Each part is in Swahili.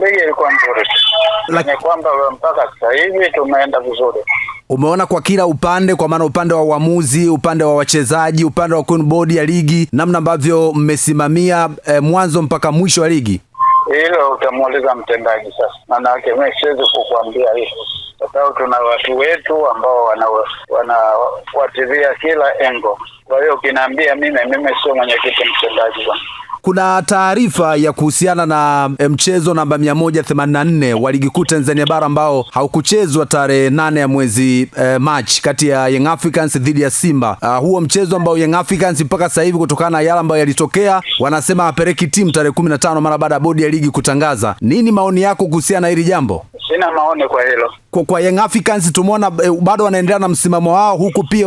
mbili ilikuwa nzuri lakini kwamba mpaka sasa hivi tumeenda vizuri. Umeona kwa kila upande, kwa maana upande wa uamuzi, upande wa wachezaji, upande wa bodi ya ligi, namna ambavyo mmesimamia eh, mwanzo mpaka mwisho wa ligi. Hilo utamuuliza mtendaji sasa, maana yake mimi siwezi kukuambia hivyo sababu tuna watu wetu ambao wanawafuatilia wana, kila engo. Kwa hiyo ukiniambia mimi, mimi sio mwenyekiti mtendaji bwana. Kuna taarifa ya kuhusiana na eh, mchezo namba 184 wa ligi kuu Tanzania bara ambao haukuchezwa tarehe nane ya mwezi eh, Machi kati ya Young Africans dhidi ya Simba. Uh, huo mchezo ambao Young Africans mpaka sasa hivi kutokana na yale ambayo yalitokea wanasema apeleki timu tarehe 15 mara baada ya bodi ya ligi kutangaza. Nini maoni yako kuhusiana na hili jambo? Sina maone kwa hilo. Kwa, kwa Young Africans tumeona eh, bado wanaendelea na msimamo wao huku pia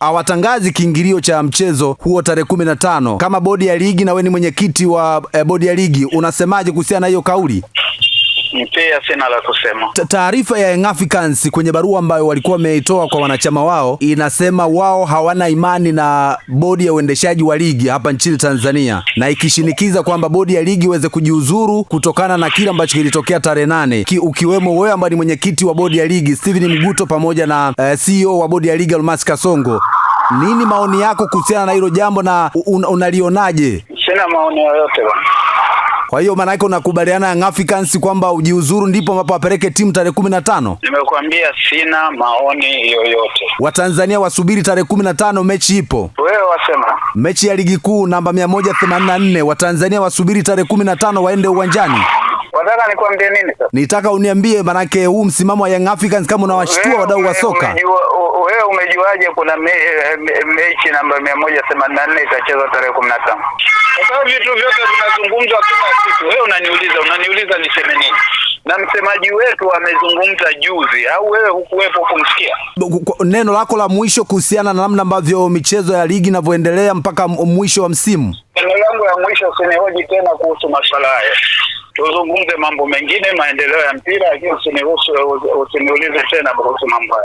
hawatangazi wasi, kiingilio cha mchezo huo tarehe kumi na tano. Kama bodi ya ligi na wewe ni mwenyekiti wa eh, bodi ya ligi unasemaje kuhusiana na hiyo kauli? Nipea sina la kusema. Taarifa ya Young Africans kwenye barua ambayo walikuwa wameitoa kwa wanachama wao inasema wao hawana imani na bodi ya uendeshaji wa ligi hapa nchini Tanzania, na ikishinikiza kwamba bodi ya ligi iweze kujiuzuru kutokana na kile ambacho kilitokea tarehe nane, ukiwemo wewe ambaye ni mwenyekiti wa bodi ya ligi Steven Mguto pamoja na uh, eh, CEO wa bodi ya ligi Almas Kasongo. Nini maoni yako kuhusiana na hilo jambo na un unalionaje? Sina maoni yoyote bwana. Kwa hiyo maana yake unakubaliana na Africans kwamba ujiuzuru ndipo ambapo wapeleke timu tarehe kumi na tano. Nimekuambia sina maoni yoyote. Watanzania wasubiri tarehe kumi na tano, mechi ipo. Wewe wasema mechi ya ligi kuu namba mia moja themanini na nne. Watanzania wasubiri tarehe kumi na tano waende uwanjani. Wataka nikwambie nini sasa? Nitaka uniambie manake huu msimamo wa Young Africans kama unawashtua wadau wa soka. Wewe umejuaje kuna mechi namba mia moja themanini na nne itachezwa tarehe kumi na tano? kwa sababu vitu vyote vinazungumzwa kila siku. Wewe unaniuliza unaniuliza niseme nini? Na msemaji wetu amezungumza juzi, au wewe hukuwepo kumsikia? Neno lako la mwisho kuhusiana na namna ambavyo michezo ya ligi inavyoendelea mpaka mwisho wa msimu. Neno langu la mwisho, usinihoji tena kuhusu masuala haya tuzungumze mambo mengine, maendeleo ya mpira, lakini usiniulize tena kuhusu mambo haya.